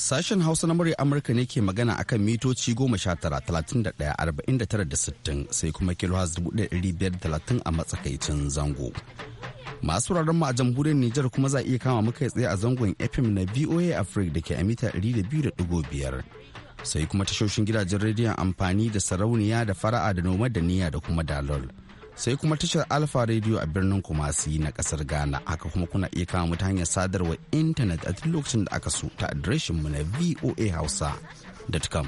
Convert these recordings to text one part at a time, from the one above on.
Sashen Hausa na murya Amurka ne ke magana a kan mitoci goma sha tara talatin da ɗaya arba'in da tara da sittin sai kuma kilohaz dubu ɗaya ɗari biyar talatin a matsakaicin zango. Masu wuraren mu a jamhuriyar Nijar kuma za a iya kama muka tsaye a zangon FM na VOA Africa da ke a mita ɗari da biyu da ɗigo biyar. Sai kuma tashoshin gidajen rediyon amfani da sarauniya da fara'a da noma da niyya da kuma dalol. sai kuma tashar alfa radio a birnin kumasi na kasar ghana haka kuma kuna iya kama mu ta hanyar sadarwa intanet a duk lokacin da aka so ta adireshin mu na voa hausa com.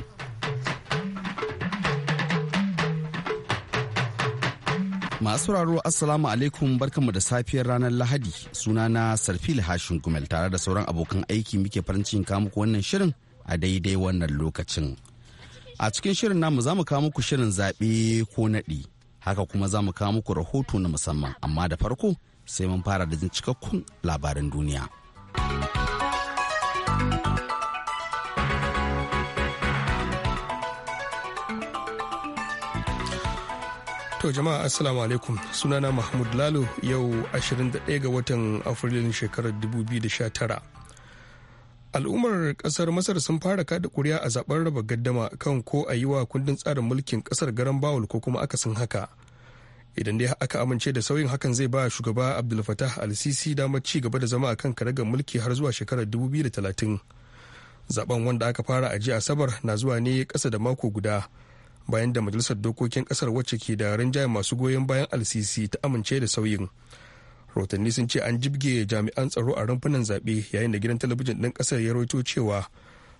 masu raro assalamu alaikum barkanmu da safiyar ranar lahadi suna na sarfil hashin gumel tare da sauran abokan aiki muke farin cikin muku wannan shirin a daidai wannan lokacin a cikin shirin namu za mu kawo muku shirin zaɓe ko naɗi haka kuma za mu kawo muku rahoto na musamman amma da farko sai mun fara da jin cikakkun labaran duniya. To jama'a assalamu alaikum sunana Mahmud Lalo yau 21 ga watan Afrilun shekarar 2019. al'ummar kasar masar sun fara kada kuri'a a zaben raba gaddama kan ko a yi wa kundin tsarin mulkin kasar garan bawul ko kuma aka akasin haka idan dai aka amince da sauyin hakan zai ba shugaba abdul fatah al-sisi damar ci gaba da zama a kan karagar mulki har zuwa shekarar 2030 zaben wanda aka fara a jiya asabar na zuwa ne kasa da mako guda bayan da majalisar dokokin kasar wacce ke da rinjaye masu goyon bayan al-sisi ta amince da sauyin rahotanni sun ce an jibge jami'an tsaro a rumfunan zaɓe yayin da gidan talabijin ɗin ƙasar ya rawaito cewa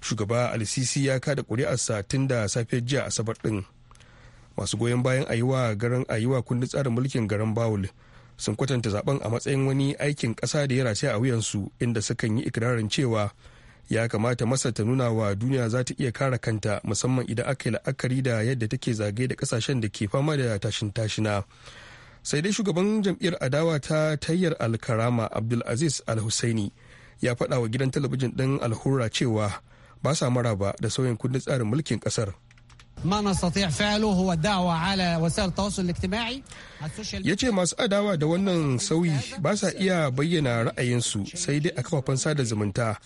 shugaba alsisi ya kada ƙuri'arsa tun da safe jiya asabar ɗin masu goyon bayan ayiwa yi wa garin a kundin tsarin mulkin garin bawul sun kwatanta zaben a matsayin wani aikin ƙasa da ya rataya a wuyansu inda sukan yi ikirarin cewa ya kamata masa ta nuna wa duniya za ta iya kare kanta musamman idan aka yi la'akari da yadda take zagaye da kasashen da ke fama da tashin tashina sai dai shugaban jam'iyyar adawa ta tayyar alkarama abdulaziz alhussaini ya faɗa wa gidan talabijin ɗin alhura cewa ba sa maraba da sauyin kundin tsarin mulkin ƙasar ya ce masu adawa da wannan sauyi ba sa iya bayyana ra'ayinsu sai dai a kafafen sada zumunta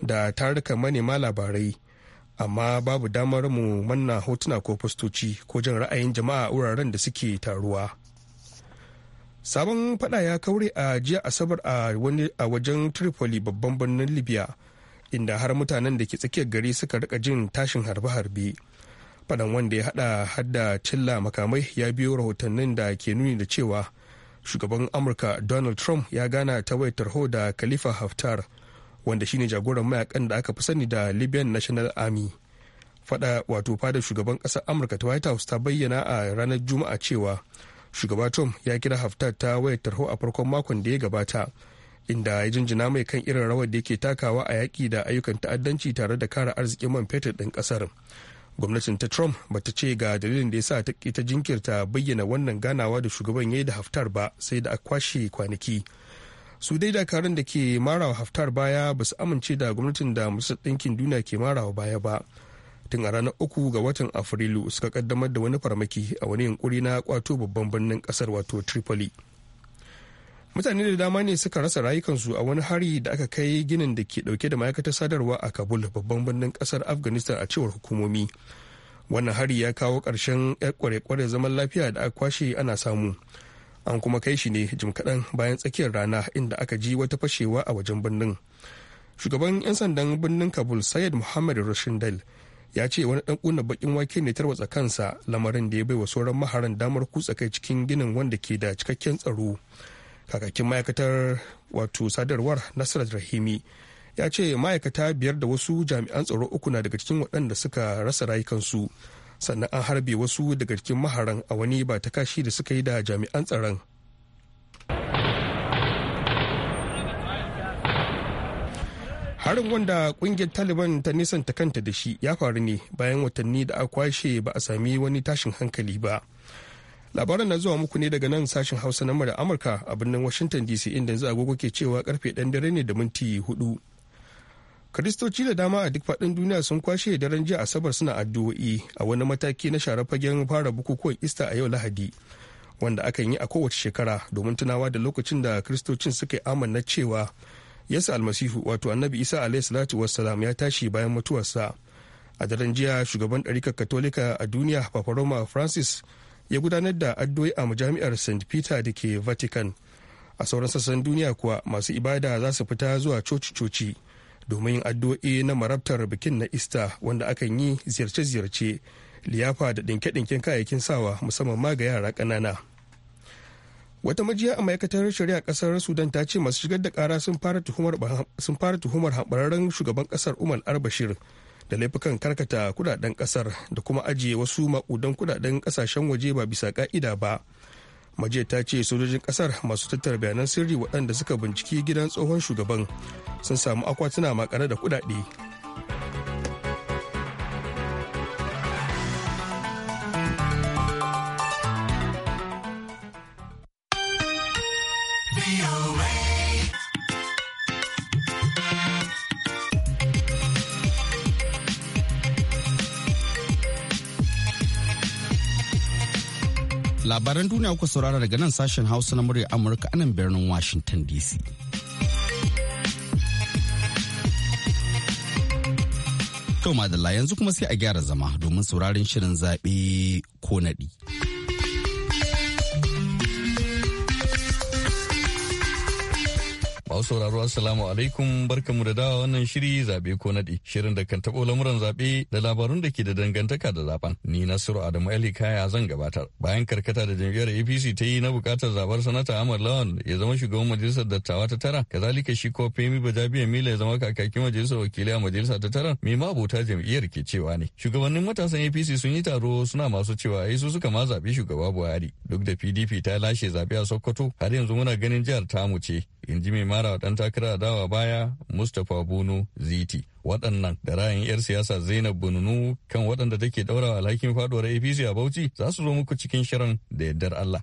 da tarukan manema labarai amma babu damar mu manna hotuna ko fastoci ko jin ra'ayin jama'a wuraren da suke taruwa sabon fada ya kaure a jiya asabar a wajen tripoli babban birnin libya inda har mutanen da ke tsakiyar gari suka rika jin tashin harbe-harbe fadan wanda ya hada hadda cilla makamai ya biyo rahotannin da ke nuni da cewa shugaban amurka donald trump ya gana ta wayar tarho da khalifa haftar wanda shine jagoran mayakan da aka fi sani da libyan national army fada wato fadar shugaban kasar amurka ta white house ta bayyana a ranar juma'a cewa shugaba trump ya kira haftar ta wayar tarho a farkon makon da ya gabata inda ya jinjina mai kan irin rawar da yake takawa a yaƙi da ayyukan ta'addanci tare da kara arzikin man fetur ɗin ƙasar gwamnatin ta trump ta ce ga dalilin da ya sa ta ta jinkirta bayyana wannan ganawa da shugaban ya yi da haftar ba sai da a kwashe kwanaki su dai dakarun da ke marawa haftar baya ba su amince da gwamnatin da musa ɗinkin duniya ke marawa baya ba tun a ranar uku ga watan afrilu suka kaddamar da wani farmaki a wani yunkuri na kwato babban birnin kasar wato tripoli mutane da dama ne suka rasa rayukansu a wani hari da aka kai ginin da ke dauke da ma'aikatar sadarwa a kabul babban birnin kasar afghanistan a cewar hukumomi wannan hari ya kawo ƙarshen kware-kware zaman lafiya da aka kwashe ana samu an kuma kai shi ne jim kaɗan bayan tsakiyar rana inda aka ji wata fashewa a wajen birnin shugaban 'yan sandan birnin kabul sayed muhammad rashidal ya ce wani dan kunna bakin wake ne tarwatsa kansa lamarin da ya bai wa sauran maharan damar kutsa kai cikin ginin wanda ke da cikakken tsaro kakakin ma'aikatar wato sadarwar nasarar rahimi ya ce ma'aikata biyar da wasu jami'an tsaro uku na daga cikin waɗanda suka rasa rayukansu sannan an harbe wasu daga cikin maharan a wani ba ta kashi da suka yi da jami'an tsaron harin wanda kungiyar taliban ta nisanta kanta da shi ya faru ne bayan watanni da aka kwashe ba a sami wani tashin hankali ba labaran na zuwa muku ne daga nan sashen hausa na mara amurka a birnin washington dc inda yanzu agogo ke cewa karfe dan dare ne da minti hudu kristoci da dama a duk faɗin duniya sun kwashe daren jiya asabar suna addu'o'i a wani mataki na share fagen fara bukukuwan ista a yau lahadi wanda akan yi a kowace shekara domin tunawa da lokacin da kiristocin suka yi amanna cewa yesu almasihu wato annabi isa alayhi salatu wassalam ya tashi bayan mutuwarsa a daren jiya shugaban ɗarikar katolika a duniya papa roma francis ya gudanar da addu'o'i a majami'ar st peter da ke vatican a sauran sassan duniya kuwa masu ibada za su fita zuwa coci-coci domin addu'o'i na marabtar bikin na easter wanda akan yi ziyarce-ziyarce liyafa da ɗinke-ɗinken kayayyakin sawa musamman ma ga yara ƙanana wata majiya a ma'aikatar shari'a kasar sudan ta ce masu shigar da kara sun fara tuhumar haɓararren shugaban kasar umar arbashir da laifukan karkata kudaden kasar da kuma ajiye wasu maƙudan kudaden kasashen waje ba bisa ka'ida ba majiya ta ce sojojin kasar masu tattara bayanan sirri waɗanda suka binciki gidan tsohon shugaban sun samu akwatuna makare da kudade labaran duniya kuka saurara daga nan sashen hausa na murya amurka anan birnin washington dc to madalla yanzu kuma sai a gyara zama domin sauraron shirin zaɓe ko naɗi. Masu sauraro Assalamu alaikum barkamu da dawa wannan shiri zabe ko nadi shirin da kan tabo lamuran zabe da labarun da ke da dangantaka da zaben ni Nasiru Adamu Ali Kaya zan gabatar bayan karkata da jam'iyyar APC ta yi na bukatar zabar sanata amar Lawan ya zama shugaban majalisar dattawa ta tara kazalika shi ko Femi Bajabiya Mila ya zama kakakin majalisar wakilai a majalisa ta tara me ma abota jam'iyyar ke cewa ne shugabannin matasan APC sun yi taro suna masu cewa ai su suka ma zabi shugaba Buhari duk da PDP ta lashe zabe a Sokoto har yanzu muna ganin jihar tamu ce in ji mai mara wa dan takara dawa baya Mustapha Bono Ziti. Waɗannan da ra'ayin 'yar siyasa Zainab Bununu kan waɗanda take ɗaurawa alhakin faɗuwar APC a Bauchi za su zo muku cikin shirin da yardar Allah.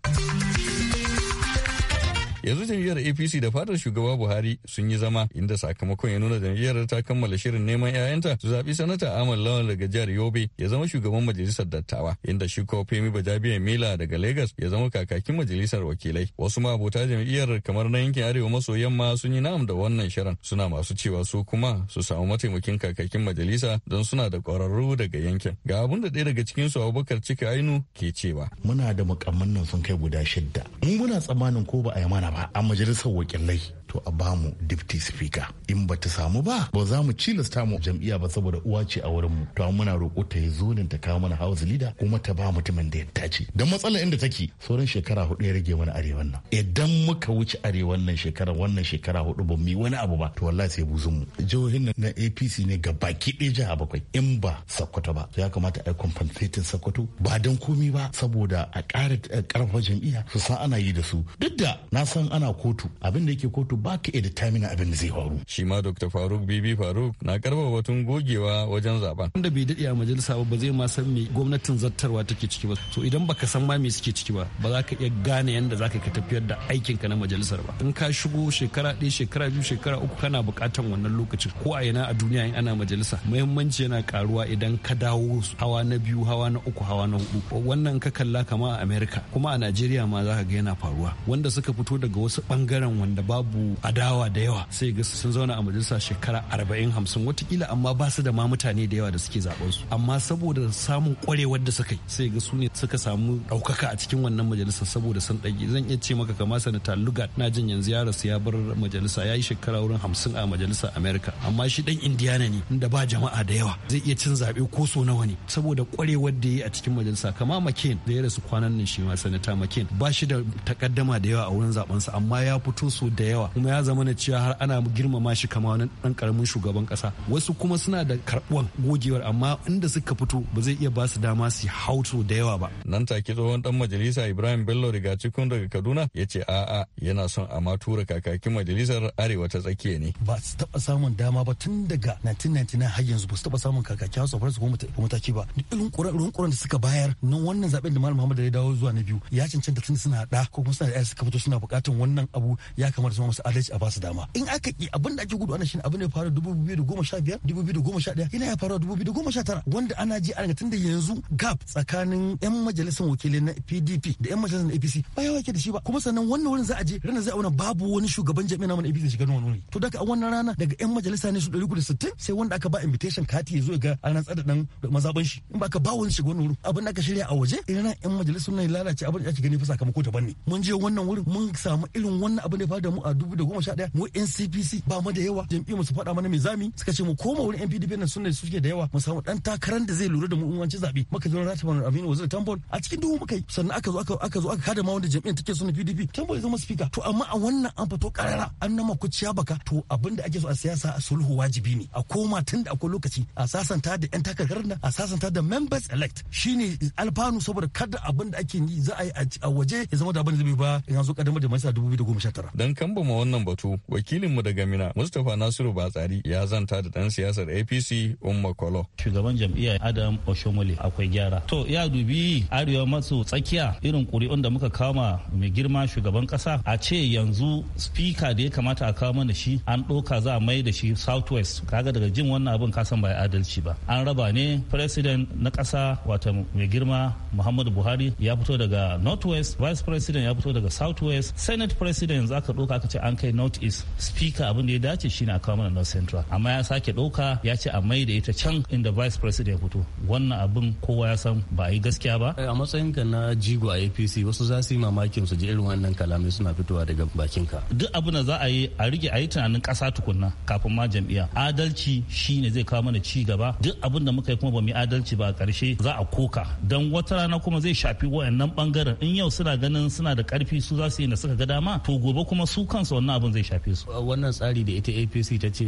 yanzu jam'iyyar apc da fadar shugaba buhari sun yi zama inda sakamakon ya nuna jam'iyyar ta kammala shirin neman 'ya'yanta su zaɓi sanata amal lawan daga jihar yobe ya zama shugaban majalisar dattawa inda shi ko femi bajabiya mila daga lagos ya zama kakakin majalisar wakilai wasu ma abota jam'iyyar kamar na yankin arewa maso yamma sun yi na'am da wannan shirin suna masu cewa su kuma su samu mataimakin kakakin majalisa don suna da ƙwararru daga yankin ga abun da ɗaya daga cikinsu abubakar cika ainu ke cewa muna da mukamman nan sun kai guda shidda in muna tsammanin ko ba a yi mana ba a majalisar wakilai to a bamu deputy speaker in ba ta samu ba ba za mu cilasta mu jam'iyya ba saboda uwa ce a wurin mu to muna roƙo ta yi zonin ta kawo mana house leader kuma ta ba mutumin da ya dace don matsalar inda take sauran shekara hudu ya rage mana arewan nan idan muka wuce arewan nan shekara wannan shekara hudu ba mu wani abu ba to wallahi sai buzun mu jihohin nan na APC ne ga baki ɗaya jiha bakwai in ba Sokoto ba ya kamata a compensating Sokoto ba dan komi ba saboda a ƙara ƙarfafa jam'iyya su san ana yi da su duk da na san ana kotu abin da yake kotu ba ka iya determine abin da zai faru. Shi ma Dr. Faruk Bibi Faruk na karba batun gogewa wajen zaben. Wanda bai daɗe a majalisa ba ba zai ma san me gwamnatin zartarwa take ciki ba. So idan baka san ma me suke ciki ba ba za ka iya gane yadda za ka tafiyar da aikinka na majalisar ba. In ka shigo shekara ɗaya shekara biyu shekara uku kana buƙatan wannan lokacin ko a yana a duniya in ana majalisa muhimmanci yana karuwa idan ka dawo hawa na biyu hawa na uku hawa na hudu wannan ka kalla kama a Amerika kuma a Najeriya ma za ka ga yana faruwa wanda suka fito daga wasu bangaren wanda babu adawa da yawa sai ga sun zauna a majalisa shekara arba'in hamsin watakila amma ba su da ma mutane da yawa da suke zaben su amma saboda samun kwarewar da suka yi sai ga su ne suka samu ɗaukaka a cikin wannan majalisa saboda sun ɗage zan iya ce maka kama sanata lugat na jin yanzu ya rasu ya bar majalisa ya yi shekara wurin hamsin a majalisa amerika amma shi dan indiana ne da ba jama'a da yawa zai iya cin zaɓe ko so nawa ne saboda kwarewar da ya yi a cikin majalisa kama mccain da ya rasu kwanan nan shi ma sanata mccain ba shi da takaddama da yawa a wurin zaben sa amma ya fito so da yawa kuma ya zama na cewa har ana girmama shi kama wani dan karamin shugaban kasa wasu kuma suna da karbuwan gogewar amma inda suka fito ba zai iya ba su dama su hauto da yawa ba nan take tsohon dan majalisa Ibrahim Bello cikin daga Kaduna ya ce a'a yana son a ma tura kakakin majalisar Arewa ta tsakiya ne ba su taba samun dama ba tun daga 1999 har yanzu ba su taba samun kakakin House of Reps ko mataki ba irin kuran da suka bayar nan wannan zaben da Malam Muhammad ya dawo zuwa na biyu ya cancanta tun suna da ko kuma suna da suka fito suna bukatun wannan abu ya kamata su adalci a ba su dama in aka ki abin da ake gudu ana shin abin da ya faru 2015 2011 yana ya faru 2019 wanda ana ji an tunda yanzu gap tsakanin yan majalisar wakilai na PDP da yan majalisar APC ba ya wake da shi ba kuma sannan wannan wurin za a je ranar za a wani babu wani shugaban jami'a na APC shiga nuna wuri to daga a wannan rana daga yan majalisa ne su 360 sai wanda aka ba invitation kati ya zo ga an tsada dan mazaban shi in ba ka ba wani shiga wani wuri abin da aka shirya a waje irin yan majalisar nan lalace abin da ya ake gani fa sakamako daban ne mun je wannan wurin mun samu irin wannan abin da ya faru da mu a dubu da goma sha ɗaya mu NCPC ba mu da yawa jam'i mu su faɗa mana mai zami suka ce mu koma wurin NPDP nan sun da suke da yawa mu samu dan takarar da zai lura da mu in wancin zabe muka zo mana Aminu Wazir Tambol a cikin duhu muka yi sannan aka zo aka zo aka kada ma wanda jam'iyyar take sunan PDP Tambol ya zama speaker to amma a wannan an fito karara an nama kuciya baka to abin da ake so a siyasa a sulhu wajibi ne a koma tun da akwai lokaci a sasanta da 'yan takarar nan a sasanta da members elect shine alfanu saboda kada abin da ake yi za a yi a waje ya zama da abin da zai ba in zo kadamar da majalisa 2019 dan ba mu wannan batu wakilinmu daga Mina Mustapha Nasiru Batsari ya zanta da dan siyasar APC Umma Kolo. Shugaban jam'iyyar Adam Oshomole akwai gyara. To ya dubi arewa maso tsakiya irin ƙuri'un da muka kama mai girma shugaban kasa a ce yanzu spika da ya kamata a kawo mana shi an ɗoka za a mai da shi southwest kaga daga jin wannan abin kasan ba adalci ba an raba ne president na kasa wata mai girma muhammadu buhari ya fito daga northwest vice president ya fito daga southwest senate president za ka ɗoka aka ce an kai north east speaker abin da ya dace shine a kawo mana north central amma ya sake ɗauka ya ce a mai da ita can inda vice president ya fito wannan abin kowa ya san ba a yi gaskiya ba a matsayin ka na jigo a apc wasu za su yi mamakin su ji irin wannan kalamai suna fitowa daga bakin ka duk abin da za a yi a rige a yi tunanin ƙasa tukunna kafin ma jam'iyya adalci shine zai kawo mana ci gaba duk abin da muka yi kuma ba mu yi adalci ba a ƙarshe za a koka don wata rana kuma zai shafi wayannan ɓangaren in yau suna ganin suna da ƙarfi su za su yi da suka ga dama to gobe kuma su kansu wannan abin zai shafe su wannan tsari da ita apc ta ce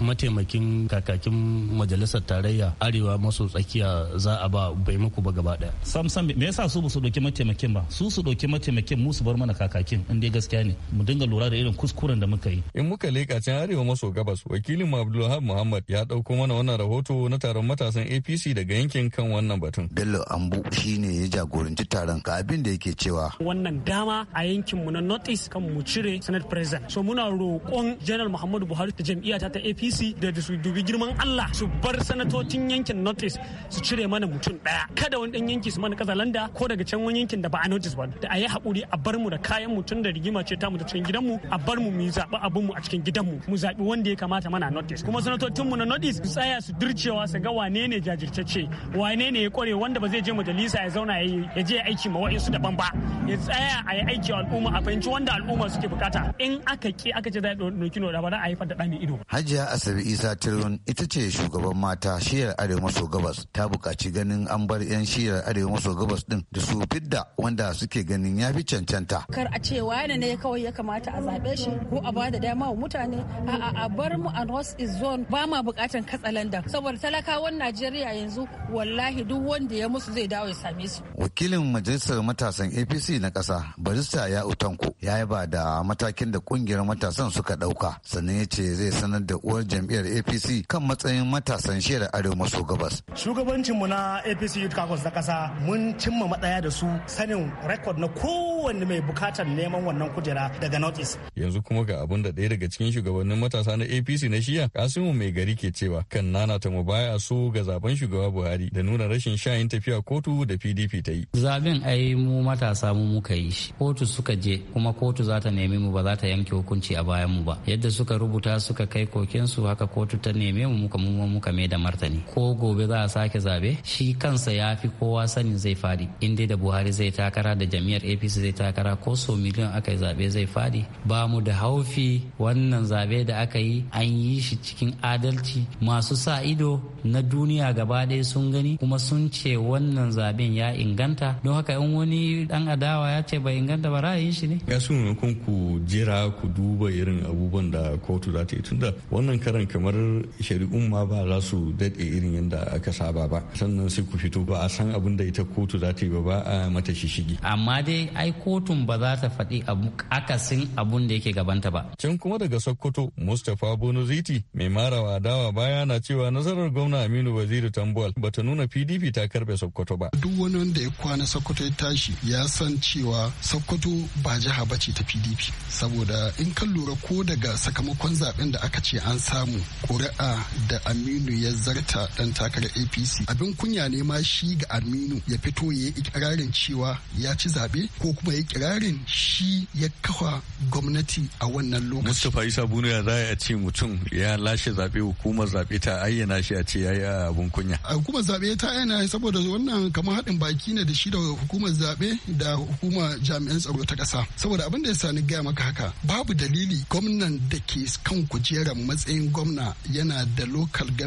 mataimakin kakakin majalisar tarayya arewa maso tsakiya za a ba bai muku ba gaba ɗaya sam me yasa su su doki mataimakin ba su su ɗauki mataimakin mu su bar mana kakakin in dai gaskiya ne mu dinga lura da irin kuskuren da muka yi in muka leka can arewa maso gabas wakilin mu muhammad ya dauko mana wannan rahoto na taron matasan apc daga yankin kan wannan batun bello ambu shine ya jagoranci taron ka abin da yake cewa wannan dama a yankin mu na northeast kan mu cire senate president so muna roƙon general muhammadu buhari da jam'iyyata ta apc da su dubi girman allah su bar sanatocin yankin northeast su cire mana mutum ɗaya kada wani ɗan yanki su mana landa ko daga can wani yankin da ba a notice ba da a yi haƙuri a bar mu da kayan mu tun da rigima ce ta mu da cikin gidanmu a bar mu mu zaɓi abin mu a cikin gidanmu mu zaɓi wanda ya kamata mana notice kuma sanatocin mu na notice su tsaya su dircewa su ga wane ne jajirtacce wane ne ya kware wanda ba zai je majalisa ya zauna ya je aiki ma wa'insu daban ba ya tsaya a yi aiki al'umma a fahimci wanda al'umma suke bukata in aka ke aka ce za a ɗauki noda ba za haifar da ɗani ido. Hajiya Asabe Isa Tirun ita ce shugaban mata shiyar Arewa maso gabas ta buƙaci ganin an bar 'yan shiyar Arewa maso gabas ɗin da su fidda wanda suke ganin ya fi cancanta. Kar a ce wane ne kawai ya kamata a zaɓe shi ko a ba da dama wa mutane a a bar mu a North East Zone ba ma buƙatan katsalandan saboda talakawan Najeriya yanzu wallahi duk wanda ya musu zai dawo ya same su. Wakilin majalisar matasan APC na ƙasa barista ya utanku ya yaba da matakin da kungiyar matasan suka dauka sannan ya ce zai sanar da uwar jam'iyyar apc kan matsayin matasan shida arewa maso gabas shugabancinmu na apc youth caucus na kasa mun cimma matsaya da su sanin rekod na kowa kowanne mai bukatar neman wannan kujera daga notis yanzu kuma ga abin da ɗaya daga cikin shugabannin matasa na apc na shiya kasimu mai gari ke cewa kan nana ta mu baya so ga zaben shugaba buhari da nuna rashin shayin tafiya kotu da pdp ta yi zaben ai mu matasa mu muka yi shi kotu suka je kuma kotu za ta neme mu ba za ta yanke hukunci a bayan mu ba yadda suka rubuta suka kai kokensu haka kotu ta neme mu muka mu muka mai da martani ko gobe za a sake zabe shi kansa ya fi kowa sanin zai fadi in dai da buhari zai takara da jami'ar apc zai zai takara ko so miliyan aka yi zaɓe zai faɗi ba mu da haufi wannan zaɓe da aka yi an yi shi cikin adalci masu sa ido na duniya gaba ɗaya sun gani kuma sun ce wannan zaben ya inganta don haka in wani ɗan adawa ya ce bai inganta ba ra'ayin shi ne. ya sun ku jira ku duba irin abubuwan da kotu za ta yi tunda wannan karan kamar shari'un ma ba za su daɗe irin yadda aka saba ba sannan sai ku fito ba a san abin da ita kotu za ta yi ba ba a mata shishigi. amma dai ai kotun ba za ta faɗi akasin abun da yake gabanta ba. Can kuma daga Sokoto, Mustapha Ziti, mai marawa dawa baya na cewa nasarar gwamna Aminu Waziri Tambuwal ba ta nuna PDP ta karbe Sokoto ba. Duk wani wanda ya kwana Sokoto ya tashi ya san cewa Sokoto ba jiha ba ce ta PDP. Saboda in kan lura ko daga sakamakon zaben da aka ce an samu ƙuri'a da Aminu ya zarta ɗan takarar APC. Abin kunya ne ma shi ga Aminu ya fito ya yi ikirarin cewa ya ci zaɓe ko kuma kuma ya kirarin shi ya kafa gwamnati a wannan lokaci. Mustapha Isa ya za a ce mutum ya lashe zaɓe hukumar zaɓe ta ayyana shi a ce ya yi abun kunya. Hukumar zaɓe ta ayyana saboda wannan kamar haɗin baki ne da shi da hukumar zaɓe da hukumar jami'an tsaro ta ƙasa. Saboda abin da ya sani gaya maka haka babu dalili gwamnan da ke kan kujerar matsayin gwamna yana da lokal da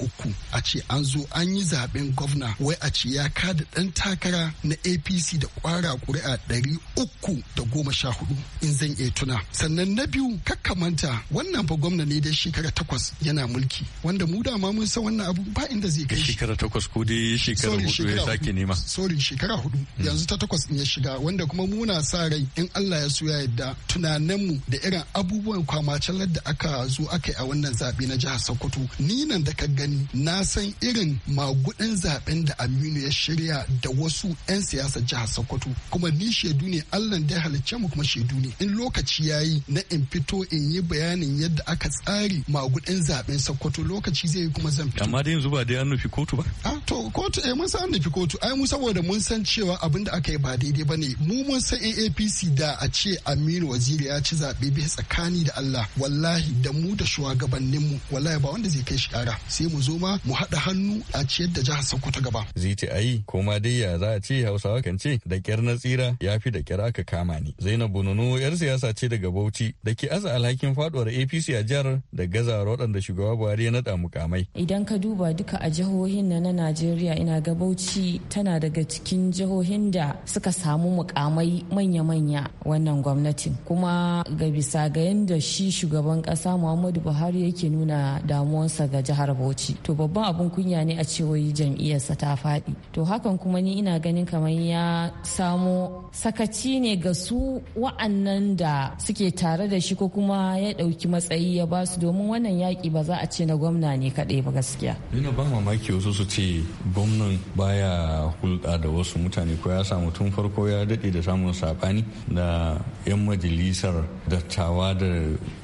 uku a ce an zo an yi zaɓen gwamna wai a ce ya kada ɗan takara na APC da kwara ƙuri'a shari'a ɗari uku da goma sha hudu in zan iya tuna sannan na biyu kakkamanta wannan fa gwamna ne dai shekara takwas yana mulki wanda mu dama mun san wannan abu ba inda zai kai shekara takwas ko dai shekara hudu ya sake nema sorry shekara hudu hmm. yanzu ta takwas in ya shiga wanda kuma muna sa rai in Allah ya so ya yarda tunaninmu da irin abubuwan kwamacalar da aka zo aka yi a wannan zaɓe na jihar Sokoto ni nan da ka gani na san irin magudin zaben da Aminu ya shirya da wasu 'yan siyasar jihar Sokoto kuma ni shaidu ne Allah da ya halicce mu kuma shaidu ne in lokaci ya yi na in fito in yi bayanin yadda aka tsari magudin zaben Sokoto lokaci zai yi kuma zan fito amma da yanzu ba dai an nufi kotu ba a to kotu eh mun san an nufi kotu ai mu saboda mun san cewa abin da aka yi ba daidai ne mu mun san AAPC da a ce Aminu Waziri ya ci zaɓe bai tsakani da Allah wallahi da mu da shugabannin mu wallahi ba wanda zai kai shi kara sai mu zo ma mu haɗa hannu a ciyar da jihar Sokoto gaba zai ayi ko ma dai ya za a ce Hausawa kan ce da kyar na tsira ya fi da kyar aka kama ni. Zainab Bonono yar siyasa ce daga Bauchi da ke aza alhakin faduwar APC a jihar da gazawar waɗanda shugaba Buhari ya naɗa mukamai. Idan ka duba duka a jihohin na Najeriya ina ga Bauchi tana daga cikin jihohin da suka samu mukamai manya-manya wannan gwamnatin. Kuma ga bisa ga yadda shi shugaban ƙasa Muhammadu Buhari yake nuna damuwarsa ga jihar Bauchi. To babban abun kunya ne a cewa jam'iyyarsa ta faɗi. To hakan kuma ni ina ganin kamar ya samo sakaci ne ga su wa'annan da suke tare da shi ko kuma ya ɗauki matsayi ya ba su domin wannan yaƙi ba za a ce na gwamna ne kaɗai ba gaskiya. Ina ba mamaki wasu su ce gwamnan baya hulɗa da wasu mutane ko ya samu tun farko ya daɗe da samun saɓani da 'yan majalisar dattawa da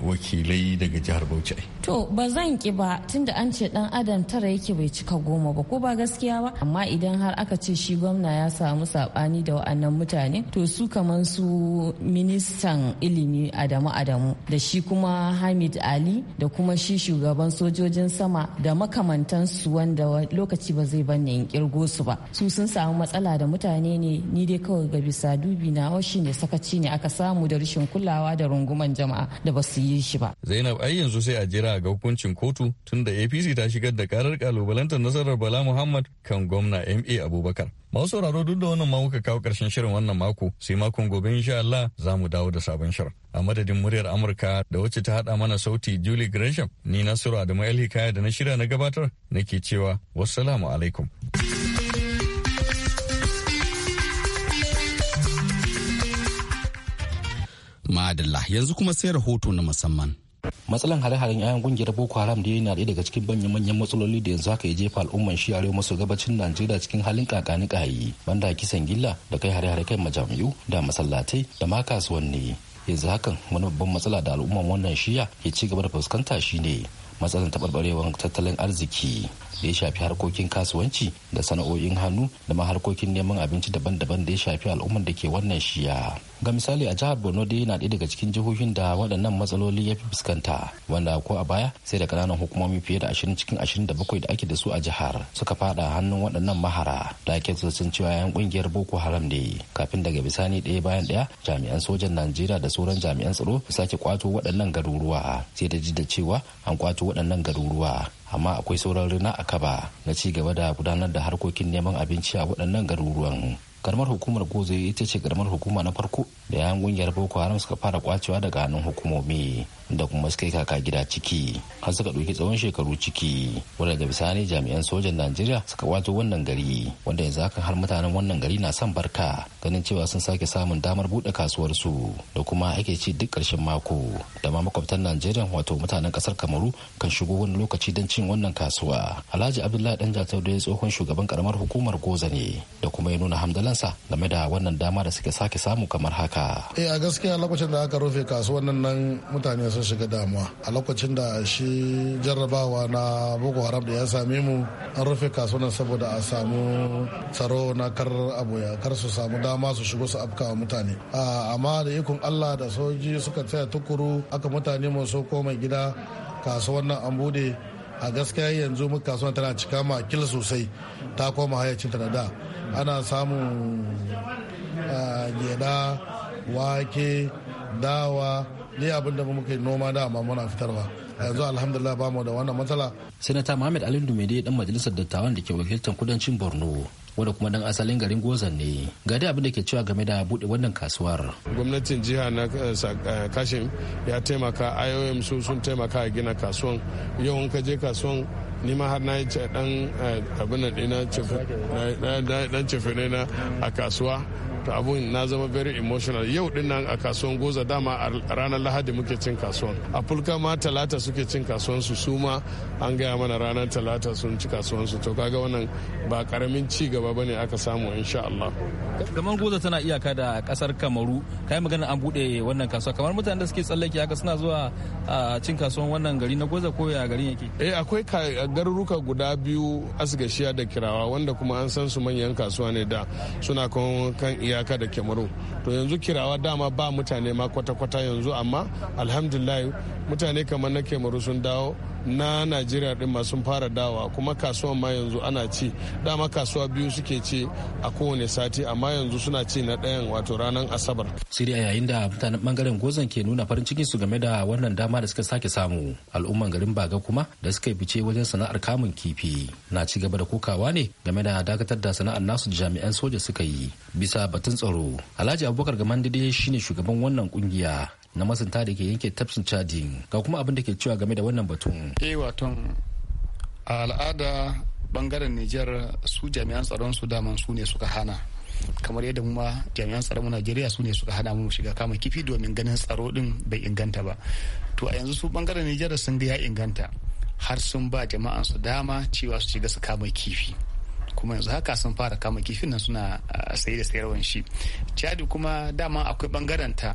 wakilai daga jihar Bauchi. To ba zan ki ba tunda an ce dan adam tara yake bai cika goma ba ko ba gaskiya ba amma idan har aka ce shi gwamna ya samu sabani da wa'annan mutane to su kaman su ministan ilimi Adamu Adamu da shi kuma Hamid Ali da kuma shi shugaban sojojin sama da makamantan su wanda lokaci ba zai banne in kirgo su ba su sun samu matsala da mutane ne ni dai kawai ga bisa dubi na washi ne sakaci ne aka samu da rashin kulawa da runguman jama'a da ba su yi shi ba Zainab ai yanzu sai a jira jira ga hukuncin kotu tun da apc ta shigar da karar kalubalantar nasarar bala muhammad kan gwamna ma abubakar masu sauraro duk da wannan muka kawo karshen shirin wannan mako sai makon gobe insha Allah za mu dawo da sabon shirin a madadin muryar amurka da wacce ta hada mana sauti julie gresham ni nasiru adamu hikaya da na shirya na gabatar nake cewa wassalamu alaikum madalla yanzu kuma sai rahoto na musamman matsalan hare-haren 'ya'yan kungiyar boko haram da yana ɗaya daga cikin banyan manyan matsaloli da yanzu haka ya jefa al'umman shi arewa maso gabacin najeriya cikin halin kakanin kayi banda kisan gilla da kai hare-hare kan majami'u da masallatai da ma kasuwanni yanzu hakan wani babban matsala da al'umman wannan shiya ke ci gaba da fuskanta shine matsalar taɓarɓarewar tattalin arziki da ya shafi harkokin kasuwanci da sana'o'in hannu da ma harkokin neman abinci daban-daban da ya shafi al'ummar da ke wannan shiya ga misali a jihar borno dai yana ɗaya daga cikin jihohin da waɗannan matsaloli ya fi fuskanta wanda ko a baya sai da ƙananan hukumomi fiye da ashirin cikin ashirin da bakwai da ake da su a jihar suka fada hannun waɗannan mahara da ake sun cewa yan ƙungiyar boko haram ne kafin daga bisani ɗaya bayan ɗaya jami'an sojan najeriya da sauran jami'an tsaro su sake kwato waɗannan garuruwa sai da ji da cewa an kwato waɗannan garuruwa amma akwai sauran rina a kaba na ci gaba da gudanar da harkokin neman abinci a waɗannan garuruwan karamar hukumar gozo ita ce karamar hukuma na farko da yan kungiyar boko haram suka fara kwacewa daga hannun hukumomi da kuma suka yi kaka gida ciki har suka ɗauki tsawon shekaru ciki wanda da bisani jami'an sojan najeriya suka wato wannan gari wanda yanzu haka har mutanen wannan gari na son barka ganin cewa sun sake samun damar buɗe kasuwarsu da kuma ake ci duk ƙarshen mako da ma makwabtan najeriya wato mutanen ƙasar kamaru kan shigo wani lokaci don cin wannan kasuwa alhaji abdullahi dan jatau da ya tsohon shugaban karamar hukumar goza ne da kuma ya nuna hamdala kansa game da wannan dama da suke sake samu kamar haka. Eh a gaskiya lokacin da aka rufe kasuwan nan mutane sun shiga damuwa. A lokacin da shi jarrabawa na Boko Haram da ya same mu an rufe kasuwan saboda a samu tsaro na kar aboya kar su samu dama su shigo su afkawa mutane. Amma da ikon Allah da soji suka tsaya tukuru aka mutane so mai gida kasuwan nan an bude a gaskiya yanzu kasuwan tana cika ma makil sosai ta koma hayacinta da da ana samun gyada wake dawa ne abin da muka yi noma da amma muna fitarwa yanzu alhamdulillah ba mu da wannan matsala senator Mohamed ali mede dan majalisar dattawan da ke wakiltar kudancin borno wanda kuma dan asalin garin gozan ne ga dai abin da ke cewa game da bude wannan kasuwar gwamnatin jiha na eh, eh, kashin ya taimaka iom su sun taimaka a gina kasuwan yau ka je kasuwan ni ma har na yi dan eh, abin da na cefe na a kasuwa to abun na zama very emotional yau din nan a kasuwan goza dama a ranar lahadi muke cin kasuwan a fulka ma talata suke cin kasuwan su su ma an gaya mana ranar talata sun ci kasuwan su to kaga wannan ba karamin ci gaba bane aka samu insha Allah kamar goza tana iyaka da kasar kamaru kai magana an bude wannan kasuwa kamar mutanen da suke tsallake haka suna zuwa cin kasuwan wannan gari na goza ko ya garin yake eh akwai garuruka guda biyu asgashiya da kirawa wanda kuma an san su manyan kasuwa ne da suna kan iya iyaka da kemaro to yanzu kirawa dama ba mutane ma kwata-kwata yanzu amma alhamdulillah mutane kamar na kemaro sun dawo na najeriya din ma sun fara dawa kuma kasuwan ma yanzu ana ci dama kasuwa biyu suke ce a kowane sati amma yanzu suna ci na ɗayan wato ranar asabar sai a yayin da mutanen bangaren gozan ke nuna farin cikin su game da wannan dama da suka sake samu al'umman garin baga kuma da suka yi bice wajen sana'ar kamun kifi na ci gaba da kokawa ne game da dakatar da sana'ar nasu jami'an soja suka yi bisa batun tsaro alhaji abubakar gamandide shine shugaban wannan kungiya na masunta da ke yanke tafsin chadi ga kuma abin da ke cewa game da wannan batun eh waton a al'ada bangaren nijar su jami'an tsaron su daman su ne suka hana kamar yadda mu ma jami'an tsaron Najeriya su ne suka hana mu shiga kama kifi domin ganin tsaro din bai inganta ba to a yanzu su bangaren Nijar sun ga ya inganta har sun ba jama'an su dama cewa su shiga su kama kifi kuma yanzu haka sun fara kama kifin nan suna ah, saye da sayarwan shi cadi kuma dama akwai bangaren ta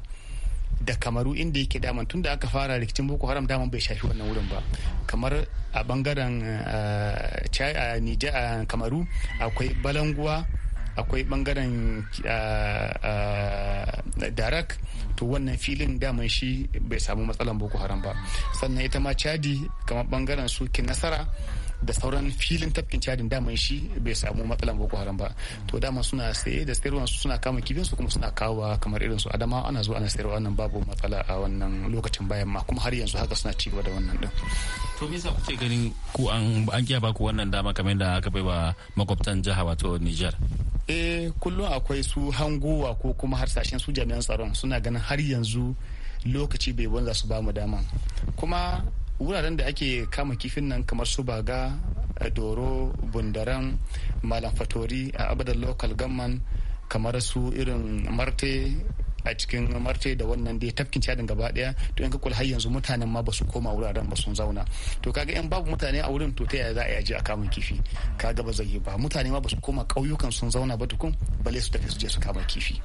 da kamaru inda yake daman tun da aka fara rikicin boko haram daman bai shafi wannan wurin ba kamar a bangaren eh, kamaru akwai balanguwa akwai bangaren eh, eh, darak to wannan filin daman shi bai samu matsalan boko haram ba sannan ita ma chadi kamar bangaren sukin nasara da sauran filin tafkin cadin daman shi bai samu matsalan boko haram ba to dama suna saye da sayarwa suna kama kifin su kuma suna kawo kamar irin su adama ana zuwa ana sayarwa nan babu matsala a wannan lokacin bayan ma kuma har yanzu haka suna ci gaba da wannan din to me yasa kuke ganin ku an an kiya ku wannan dama kamar da aka bai wa makwabtan jiha wato Niger eh kullum akwai su hanguwa ko kuma harsashen su jami'an tsaron suna ganin har yanzu lokaci bai wanda su ba mu dama kuma wuraren da ake kama kifin nan kamar su baga doro bundaran malam fatori a abadan local gamman kamar su irin marte a cikin marte da wannan dai tafkin cadin gaba daya to in ka kula har yanzu mutanen ma ba su koma wuraren ba sun zauna to kaga in babu mutane a wurin to ta yaya za a yaji a kamun kifi kaga ba zai yi ba mutane ma ba su koma ƙauyukan sun zauna ba tukun bale su tafi su je su kama kifi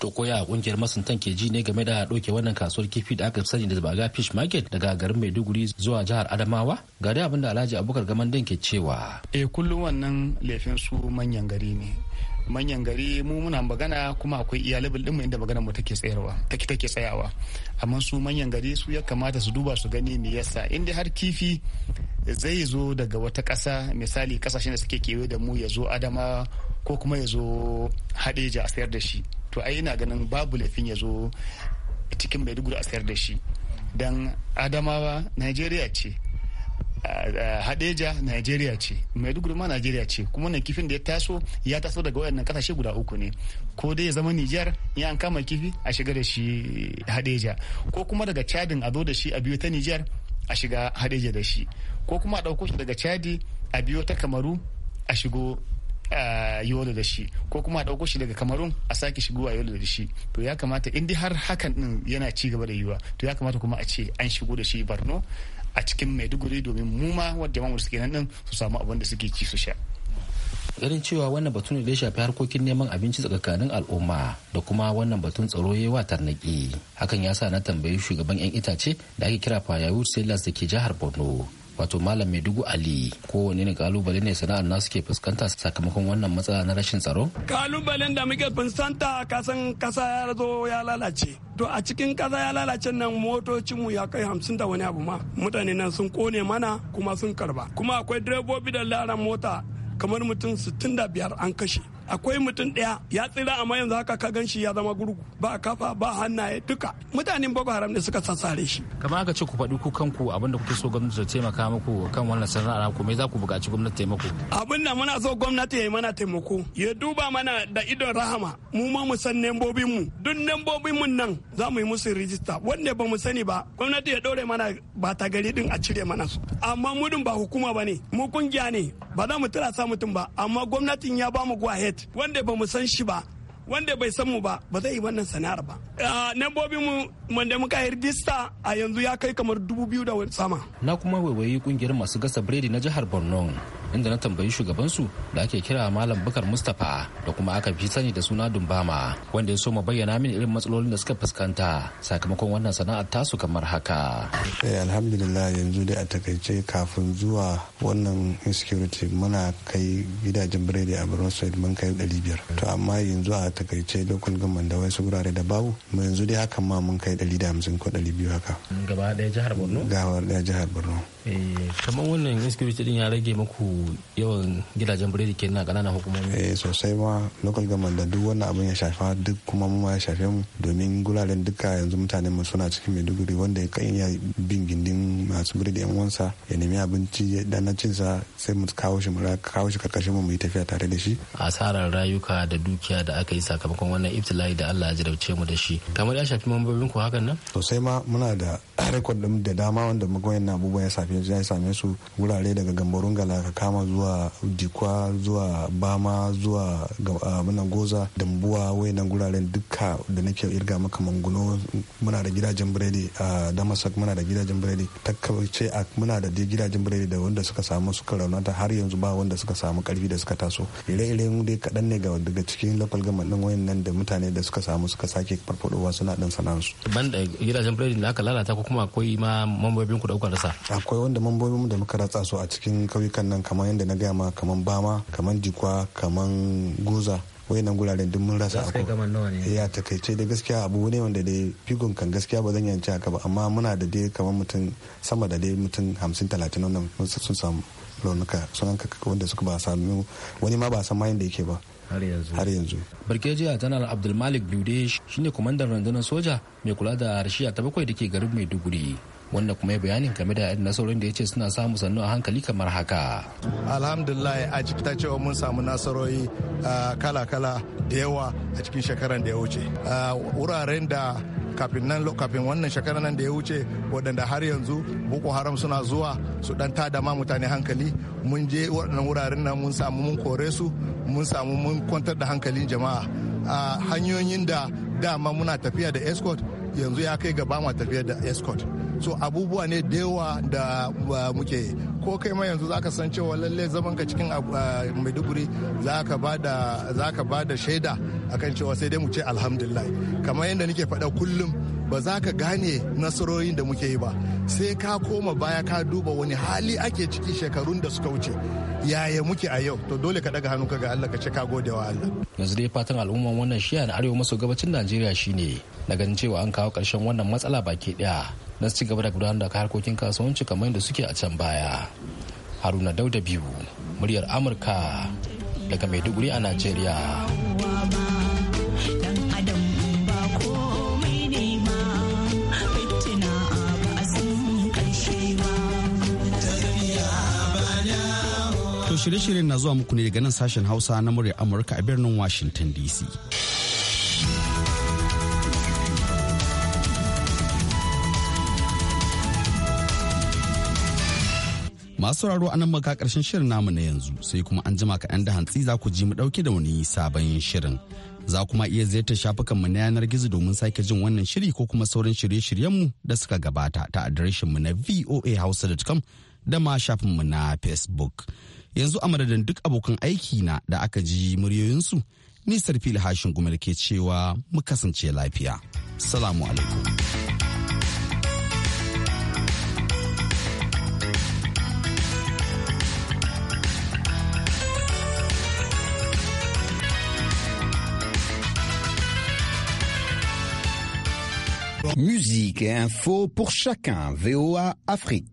To koya kungiyar masuntan ke ji ne game da doke wannan kasuwar kifi da aka sani da zabaga fish market daga garin Maiduguri zuwa jihar Adamawa? Ga dai abin da Alhaji Abubakar dan ke cewa. Eh kullum wannan laifin su manyan gari ne. manyan gari mu muna magana kuma akwai iya din mu inda magana mu take tsayarwa take take tsayawa amma su manyan gari su ya kamata su duba su gani me yasa inda har kifi zai zo daga wata ƙasa misali kasashen da suke kewaye da mu ya zo adama ko kuma ya zo hadeja a sayar da shi to ai ina ganin babu laifin ya zo cikin maiduguri a sayar da shi don adamawa nigeria ce hadeja nigeria ce maiduguri ma najeriya ce kuma wannan kifin da ya taso ya taso daga wayannan kasashe guda uku ne ko dai ya zama nijar ya an kama kifi a shiga da shi hadeja ko kuma daga cadin a zo da shi a biyo ta nijar a shiga hadeja da shi ko kuma a ɗauko shi daga cadi a biyo ta kamaru a shigo yolo da shi ko kuma a ɗauko shi daga kamarun a sake shigo a yolo da shi to ya kamata in har hakan din yana ci gaba da yiwa to ya kamata kuma a ce an shigo da shi barno a cikin maiduguri domin mu ma wadda jama'a suke nan din su samu abin da suke ci su sha ganin cewa wannan batun ne da ya shafi harkokin neman abinci tsakanin al'umma da kuma wannan batun tsaro ya wa tarnaki hakan ya sa na tambayi shugaban 'yan itace da ake kira fayawu sellers da ke jihar borno wato malam maidugu ali kowane ne kalubale ne sana'ar nasu ke fuskanta sakamakon wannan matsala na rashin tsaro kalubalen da muke fuskanta kasan kasa ya zo ya lalace to a cikin kasa ya lalace nan motocinmu ya kai hamsin da wani abu ma mutane nan sun kone mana kuma sun karba kuma akwai direbobi da laran mota kamar mutum 65 an kashe akwai mutum ɗaya ya tsira amma yanzu haka ka gan shi ya zama gurgu ba kafa ba hannaye duka mutanen boko haram ne suka sassare shi kamar aka ce ku faɗi ku kanku abinda kuke so gwamnati ta taimaka muku kan wannan sana'a ku me za ku buƙaci gwamnati taimako abinda muna so gwamnati ya yi mana taimako ya duba mana da idon rahama mu ma mu san nembobin mu duk nembobin mu nan za mu yi musu rijista wanda ba mu sani ba gwamnati ya ɗore mana ba ta gari din a cire mana su amma mudun ba hukuma ba ne mu kungiya ne ba za mu tura sa mutum ba amma gwamnatin ya ba mu go gwamnati wanda ba mu san shi ba wanda bai san mu ba ba zai yi wannan sana'ar ba. nambobi ah, mu wanda muka yi rijista a yanzu ya kai kamar dubu biyu da sama. Na kuma waiwayi kungiyar masu gasa biredi na jihar Borno inda na tambayi shugabansu da ake kira malam bukar mustapha da kuma aka fi sani da suna dumbama wanda ya so ma bayyana mini irin matsalolin da suka fuskanta sakamakon wannan sana'ar tasu kamar haka eh, alhamdulillah yanzu dai a takaice kafin zuwa wannan insecurity muna kai gidajen biredi a birnin state mun kai biyar to amma yanzu a takaice local government da wasu wurare da babu mu yanzu dai hakan ma mun kai da hamsin ko biyu haka gaba daya jihar borno gaba daya jihar borno Eh, kamar wannan insecurity din ya rage maku yawan gidajen biredi ke na ganana hukumomi eh sosai ma local government da duk wannan abin ya shafa duk kuma mu ya shafe mu domin guraren duka yanzu mutanen mu suna cikin maiduguri wanda ya kan ya bin gindin masu biredi yan wansa ya nemi abinci dan na cinsa sai mu kawo shi mu kawo shi karkashin mu mu yi tafiya tare da shi asarar rayuka da dukiya da aka yi sakamakon wannan ibtila'i da Allah ya jarabce mu da shi kamar ya shafi mambobin ku hakan nan sosai ma muna da rekod da dama wanda magwayan abubuwan ya shafi kafin zai same su wurare daga gambarun gala ka kama zuwa dikwa zuwa bama zuwa muna ah, goza dambuwa nan guraren duka da nake irga maka manguno muna da gidajen biredi a damasak muna da gidajen biredi a muna da gidajen biredi da wanda suka samu suka raunata har yanzu ba wanda suka samu karfi da suka taso ire-ire dai kaɗan ne ga daga cikin local government din nan da mutane da suka samu suka sake farfadowa suna dan sanansu Ban da gidajen biredi da aka lalata ko kuma akwai ma mambobin ku da kuka Akwai wanda mambobin da muka ratsa su a cikin kauyukan nan kamar yadda na gaya ma kamar bama kamar jikwa kamar goza nan guraren duk mun rasa abu ya takaice da gaskiya abu ne wanda dai figon kan gaskiya ba zan yanci haka ba amma muna da dai kamar mutum sama da dai mutum hamsin talatin wannan sun samu launuka sun an wanda suka ba sami wani ma ba san ma yadda yake ba har yanzu. tana Janar Abdulmalik Dude shine kwamandan rundunar soja mai kula da harshiya ta bakwai da ke garin Maiduguri. wanda kuma ya bayanin game da nasarorin da ya ce suna samu sannu a hankali kamar haka alhamdulillah a ciki ta cewa mun samu nasarori kala-kala da yawa a cikin shekaran da ya wuce wuraren da kafin nan kafin wannan shekarar nan da ya wuce waɗanda har yanzu boko haram suna zuwa su dan tada ma mutane hankali mun je waɗannan wuraren nan mun samu mun kore su mun samu mun kwantar da hankalin jama'a hanyoyin da dama muna tafiya da escort yanzu ya kai gaba ma tafiyar da escort so abubuwa ne da yawa da muke ko kai ma yanzu zaka san cewa lalle zaman ka cikin ah, ah, maiduguri zaka bada zaka bada shaida akan cewa sai dai mu ce alhamdulillah kamar yadda nake faɗa kullum ba za ka gane nasarorin da muke yi ba sai ka koma baya ka duba wani hali ake ciki shekarun da suka wuce yaya muke a yau to dole ka daga hannu ka ga Allah ka ce ka gode wa Allah yanzu dai fatan al'umman wannan shiya na arewa maso gabacin Najeriya shine na ganin cewa an kawo karshen wannan matsala baki daya na ci gaba da gudanar da harkokin kasuwanci kamar yadda suke a can baya haruna dauda biyu muryar amurka daga maiduguri a najeriya shirye-shiryen na zuwa muku ne daga nan sashen Hausa na murya Amurka a birnin Washington DC. Masu sauraro a nan maka karshen shirin namu na yanzu sai kuma an jima ka kaɗan da hantsi za ku ji mu ɗauke da wani sabon shirin. Za kuma iya ziyartar shafukanmu na yanar gizo domin sake jin wannan shiri ko kuma sauran shirye-shiryenmu da suka gabata ta adireshinmu na voahausa.com da ma shafinmu na Facebook. yanzu a madadin duk abokan aiki na da aka ji muryoyinsu nisar fili hashin gumar ke cewa mu kasance lafiya salamu alaikum Musique et info pour chacun, VOA Afrique.